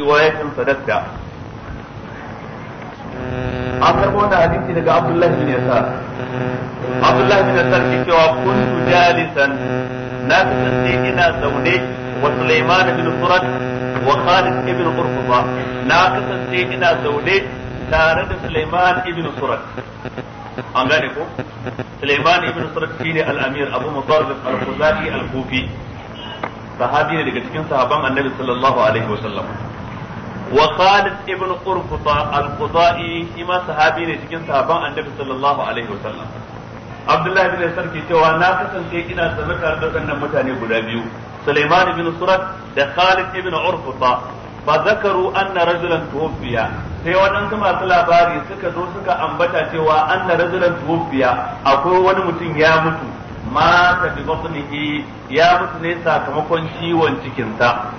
riwayatin sadaqta an karɓo wannan hadisi daga Abdullah bin Yasar Abdullah bin Yasar ke cewa kuntu jalisan na kasance ina zaune wa Suleiman bin Surat wa Khalid ibn Qurfuba na kasance ina zaune tare da Suleiman ibn Surat an gane ko Suleiman ibn Surat shine al-Amir Abu Mutarrif al-Khuzai al-Kufi sahabi ne daga cikin sahaban Annabi sallallahu alaihi wasallam wa Khalid ibn Qurfuta al-Qudai shi ma sahabi ne cikin sahaban Annabi sallallahu alaihi wa sallam Abdullahi bin Yasar ke cewa na kasance ina sanar tare da wannan mutane guda biyu Sulaiman ibn Surat da Khalid ibn Urfuta fa zakaru anna rajulan tuwfiya sai waɗansu masu labari suka zo suka ambata cewa anna rajulan tuwfiya akwai wani mutum ya mutu mata bi batnihi ya mutu ne sakamakon ciwon cikinsa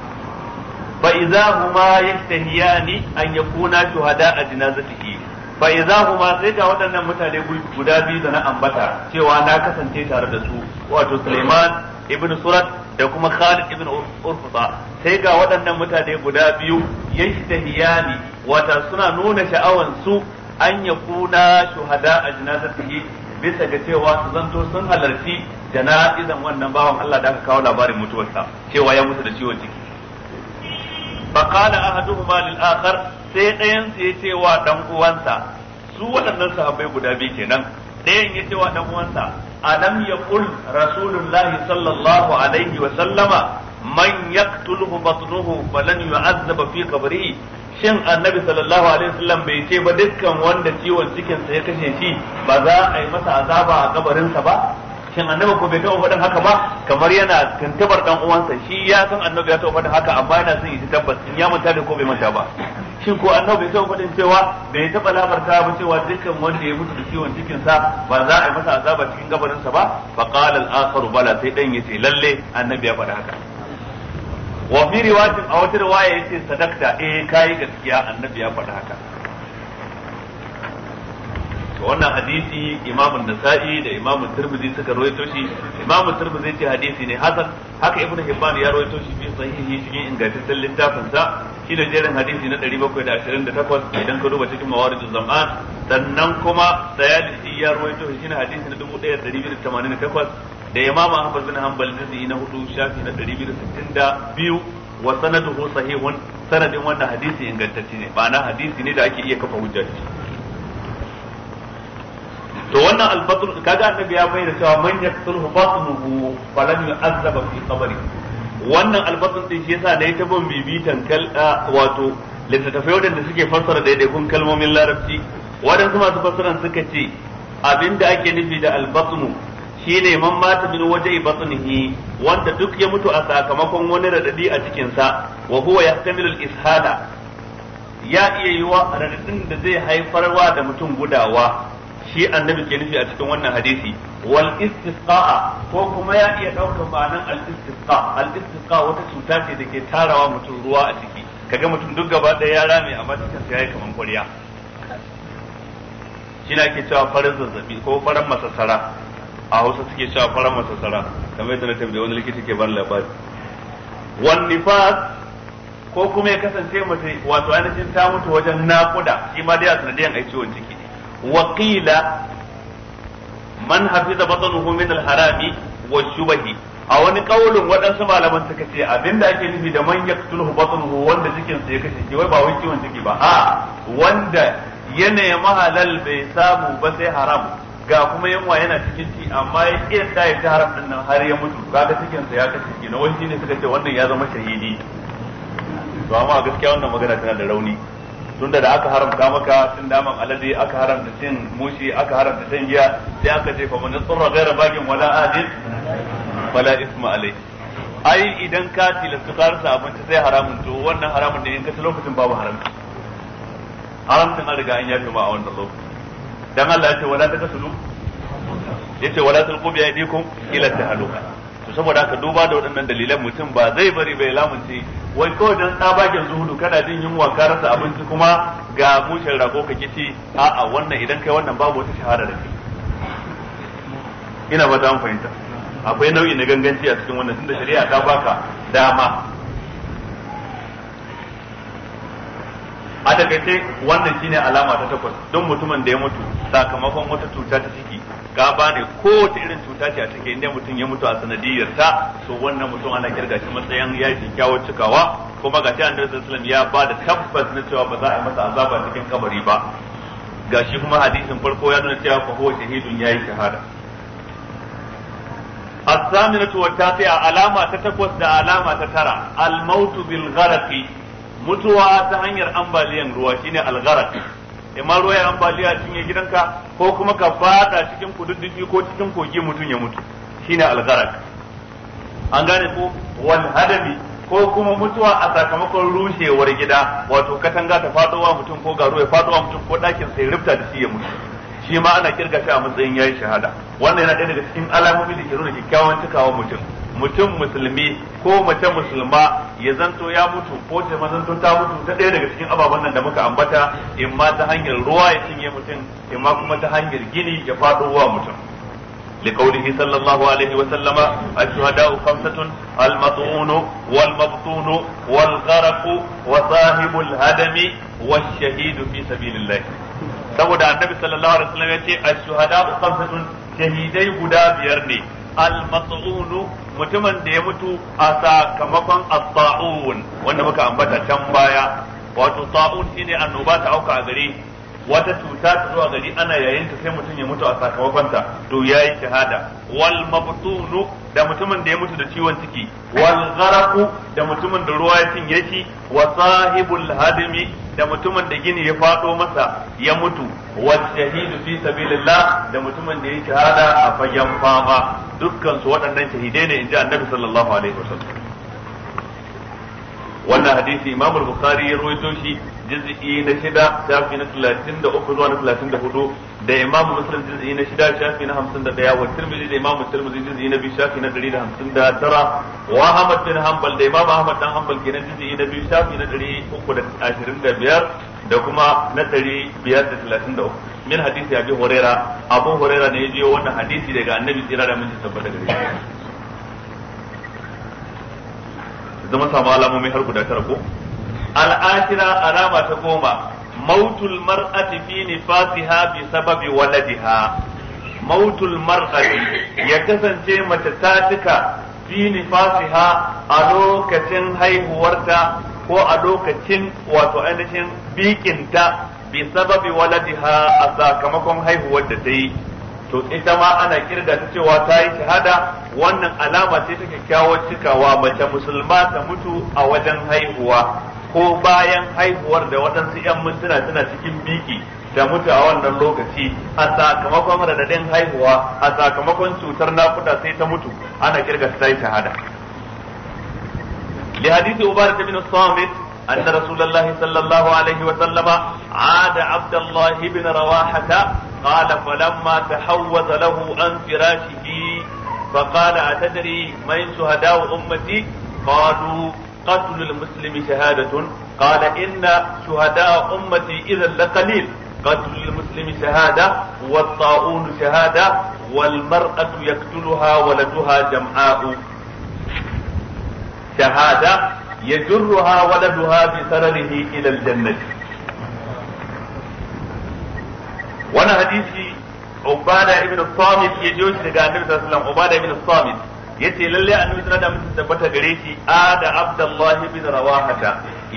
fa idza huma yaktahiyani an yakuna shuhada a jinazatihi fa idza huma sai da waɗannan mutane guda biyu da na ambata cewa na kasance tare da su wato Sulaiman ibn Surat da kuma Khalid ibn ba sai ga waɗannan mutane guda biyu yaktahiyani wata suna nuna sha'awan su an yakuna shuhada a jinazatihi bisa ga cewa su zanto sun halarci jana'izan wannan bawan Allah da aka kawo labarin mutuwarsa cewa ya mutu da ciwon ciki fa qala ahaduhuma lil akhar sai ɗayan su yace wa dan uwansa su waɗannan sahabbai guda biyu kenan ɗayan yace wa dan uwansa alam yaqul rasulullahi sallallahu alaihi wa sallama man yaqtuluhu batnuhu falan yu'azzaba fi qabrihi shin annabi sallallahu alaihi wasallam bai ce ba dukkan wanda ciwon cikin sa ya kashe shi ba za a yi masa azaba a kabarinsa ba shin annabi ko bai taɓa faɗin haka ba kamar yana tuntubar ɗan uwansa shi ya san annabi ya taɓa faɗin haka amma yana son yi tabbas in ya manta da ko bai manta ba shin ko annabi bai taɓa faɗin cewa bai taɓa labarta ba cewa dukkan wanda ya mutu da ciwon cikin sa ba za a yi masa azaba cikin gabarin sa ba fa qala al-akhar bala sai dan yace lalle annabi ya faɗi haka wa fi riwayatin a wata riwaya yace sadakta eh kai gaskiya annabi ya faɗi haka wannan hadisi imam an-nasa'i da imam tirmidhi suka rawaito shi imam tirmidhi ce hadisi ne hasan haka ibnu hibban ya rawaito shi bi sahihi cikin ingantaccen littafin sa shi da jerin hadisi na 728 idan ka duba cikin mawaridul zaman sannan kuma sayalisi ya rawaito shi ne hadisi na 1288 da imam ahmad bin hanbal juz'i na hudu shafi na 262 wa sanaduhu sahihun sanadin wannan hadisi ingantacce ne ba na hadisi ne da ake iya kafa hujja shi to wannan albatul kaga annabi ya bayyana cewa man yaksulhu batnuhu falan yu'azzaba fi qabri wannan albatul din shi yasa da ita bin bibitan kal wato littattafai wadanda suke fassara daidaikun kalmomin larabci wadansu masu fassaran suka ce abinda ake nufi da albatnu shine man mata min waje batnihi wanda duk ya mutu a sakamakon wani radadi a cikin sa wa huwa yahtamilu al ya iya yiwa radadin da zai haifarwa da mutum gudawa shi annabi ke nufi a cikin wannan hadisi wal istisqa ko kuma ya iya daukar ma'anan al istisqa al istisqa wata cuta ce da ke tarawa mutum ruwa a ciki kaga mutum duk gaba ɗaya ya rame amma cikin sa yayi kaman ƙurya shi na ke cewa farin zazzabi ko farin masassara a Hausa suke cewa farin masassara kamar yadda na da wani likita ke bar labari wan nifas ko kuma ya kasance mace wato ainihin ta mutu wajen naƙuda shi ma dai a sanadiyan aiciwon ciwon ciki وقيل من حفظ بطنه من الحرام والشبه a wani kaulin waɗansu malaman sakace, abinda ake nufi da man yaqtuluhu batnuhu wanda cikin sa ya kashe wai ba wai ciwon ciki ba a wanda yanayi mahalal bai samu ba sai haram ga kuma yunwa yana cikin ci amma yake iya tsaye haram din nan har ya mutu kaga cikin sa ya kashe na wani ne suka ce wannan ya zama shahidi to amma gaskiya wannan magana tana da rauni tunda da aka haramta maka cin naman alade aka haramta cin mushi aka haramta cin giya sai aka ce fa man tsarra ghayra bagin wala adil wala isma alai ai idan ka tilasta karsa abinci sai haramun to wannan haramun ne in ka ci lokacin babu haramta haramta na riga an yafe ma a wannan lokacin dan Allah ya ce wala takasulu yace wala tulqu bi aydikum ila tahaluka saboda haka duba da waɗannan dalilan mutum ba zai bari bai lamunce wai kawai dan tsabagen zuhudu kana jin yunwa ka rasa abinci kuma ga mushin rago ka kici a'a wannan idan kai wannan babu wata shahara da kai ina ba ta fahimta akwai nau'i na ganganci a cikin wannan tunda shari'a ta baka dama takaice wannan shine alama ta takwas don mutumin da ya mutu sakamakon wata cuta ta ciki ne ko kowace irin cuta ce a take inda mutum ya mutu a sanadiyar ta to wannan mutum ana kirga shi matsayin ya yi kyawawan cikawa kuma ga ta da sallam ya ba da tabbas na cewa ba za a yi masa azaba cikin kabari ba ga shi kuma hadisin farko ya nuna cewa fa huwa shahidun yayi shahada الثامنة والتاسعة علامة تتكوث علامة تترى الموت بالغرق mutuwa ta hanyar ambaliyan ruwa shine algharak imma ruwa ya ambaliya cinye gidanka ko kuma ka fada cikin kududdufi ko cikin kogi mutum ya mutu shine algharak an gane ko wal hadami ko kuma mutuwa a sakamakon rushewar gida wato katanga ta fadowa mutum ko garo ya fadowa mutum ko dakin sai rufta da shi ya mutu shi ma ana kirga a matsayin yayi shahada wannan yana ɗaya daga cikin alamomi da ke nuna kyakkyawan cikawa mutum mutum musulmi ko mace musulma ya zanto ya mutu ko ta zanto ta mutu ta ɗaya daga cikin ababen nan da muka ambata in ma ta hanyar ruwa ya cinye mutum in ma kuma ta hanyar gini ya faɗo wa mutum لقوله صلى الله عليه وسلم الشهداء خمسة المطعون والمبطون والغرق وصاحب الهدم والشهيد في سبيل الله saboda annabi sallallahu alaihi wasallam yace ash-shuhada khamsatun shahidai guda biyar ne al-mat'un mutumin da ya mutu a sakamakon at-ta'un wanda muka ambata can baya wato ta'un shine annoba ta auka a gare wata cuta ta zuwa gari ana yayin ta sai mutum ya mutu a sakamakon ta to yayi shahada wal mabtunu da mutumin da ya mutu da ciwon ciki wal da mutumin da ruwa ya cinye shi wa sahibul hadimi da mutumin da gini ya fado masa ya mutu wa shahidu fi sabilillah da mutumin da ya shahada a fagen fama dukkan su waɗannan shahidai ne inji annabi sallallahu alaihi wasallam wannan hadisi imam al-bukhari ya rawaito shi juz'i na 6 shafi na 33 zuwa na 34 da imam muslim juz'i na 6 shafi na 51 wa tirmidhi da imam tirmidhi juz'i na 2 shafi na 159 wa ahmad bin hanbal da imam ahmad dan hanbal kenan juz'i na 2 shafi na 325 da kuma na 533 min hadisi abi huraira abu huraira ne ya jiyo wannan hadisi daga annabi tsira da mun tabbata gare shi zama samu alamomi har guda tara ko al'ashira alama ta goma mautul mar'ati fi nifasiha bi sababi waladiha mautul mar'ati ya kasance mace ta cika fi nifasiha a lokacin haihuwarta ko a lokacin wato ainihin bikinta bi sababi waladiha a sakamakon haihuwar da ta yi to ita ma ana kirga ta cewa ta yi shahada wannan alama ce ta kyakkyawar cikawa mace musulma ta mutu a wajen haihuwa ko bayan haihuwar da waɗansu 'yan mintuna tana cikin biki da mutu a wannan lokaci a sakamakon radadin haihuwa a sakamakon cutar nakuda sai ta mutu ana kirga ta yi shahada li hadisi ubarat bin samit anna rasulullahi sallallahu alaihi wa sallama ada Abdullahi ibn rawahata قال فلما تحوز له عن فراشه فقال أتدري من شهداء أمتي قالوا قتل المسلم شهادة قال إن شهداء أمتي إذا لقليل قتل المسلم شهادة والطاعون شهادة والمرأة يقتلها ولدها جمعاء شهادة يجرها ولدها بسرره إلى الجنة wani hadisi ubada ibn samit ya jiyo shi daga annabi sallallahu alaihi wasallam ubada ibn samit yace lalle annabi sallallahu alaihi wasallam tabbata gare shi ada abdullahi ibn rawahata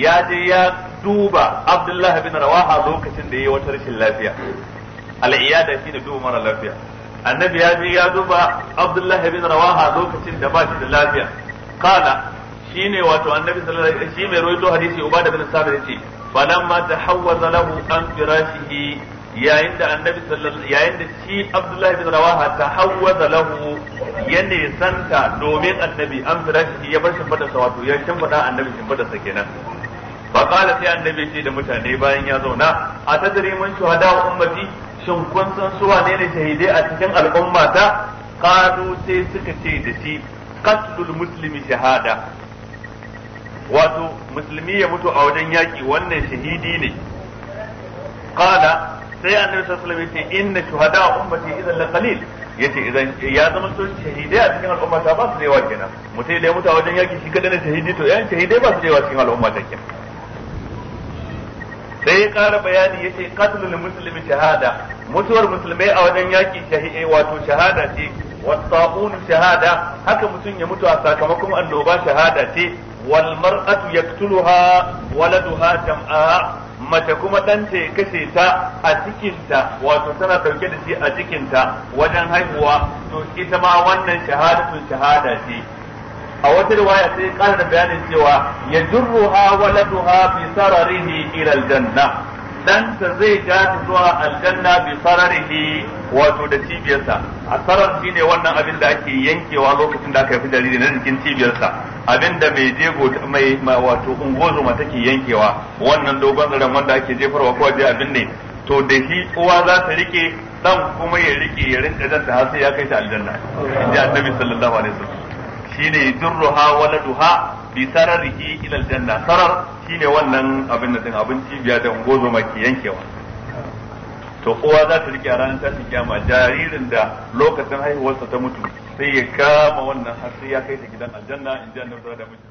ya je ya duba abdullahi ibn rawaha lokacin da yayi wata rashin lafiya al'iyada shi da duba mara lafiya annabi ya je ya duba abdullahi ibn rawaha lokacin da ba shi da lafiya kana shine wato annabi sallallahu alaihi wasallam shi mai rawaito hadisi ubada ibn sabit yace falamma tahawwaza lahu an firashihi yayin da annabi sallallahu yayin da shi abdullahi bin rawaha ta hawwaza lahu ya santa domin annabi an firashi ya bar shimfada sa wato ya shimfada annabi shimfada sa kenan fa qala sai annabi shi da mutane bayan ya zauna a tadri mun shuhada ummati shin kun san su wane ne shahidai a cikin al'umma ta qalu sai suka ce da shi qatlul muslimi shahada wato musulmi ya mutu a wajen yaki wannan shahidi ne qala sai annabi sallallahu alaihi wasallam yace inna shuhada ummati idan la qalil yace idan ya zama to shahidai a cikin al'umma ta ba su da yawa kenan mutai da ya mutu a wajen yaki shi kadai ne shahidi to yan shahidai ba su da yawa cikin al'umma ta kenan sai ya ƙara bayani ya ce katlul muslimi shahada mutuwar musulmai a wajen yaki shahie wato shahada ce wasa'un shahada haka mutum ya mutu a sakamakon annoba shahada ce wal mar'atu yaqtuluha waladuha jam'a mace kuma ɗan ta kashe ta a cikinta wato tana dauke da shi a cikinta wajen haihuwa to ita ma wannan shahadatun shahada ce a wata riwaya sai kara da bayanin cewa ya jurruha waladuha bi sararihi ila aljanna ɗansa zai ja ta zuwa aljanna bi sararihi wato da cibiyarsa a sarar shine wannan abin da ake yankewa lokacin da aka haifi jariri na jikin cibiyarsa abin da mai jego mai wato ungozuma take yankewa wannan dogon zaren wanda ake jefarwa ko je abin ne to da shi uwa za ta rike dan kuma ya rike ya rinka dan ta har sai ya kai ta aljanna inji annabi sallallahu alaihi wasallam shine durruha waladuha bi sararihi ila aljanna sarar shine wannan abin nan abin cibiya da ungozo ke yankewa to uwa za ta rike a ranar tashin kiyama jaririn da lokacin haihuwarsa ta mutu sai ya kama wannan har sai ya kai ta gidan aljanna in ji annabi da mutu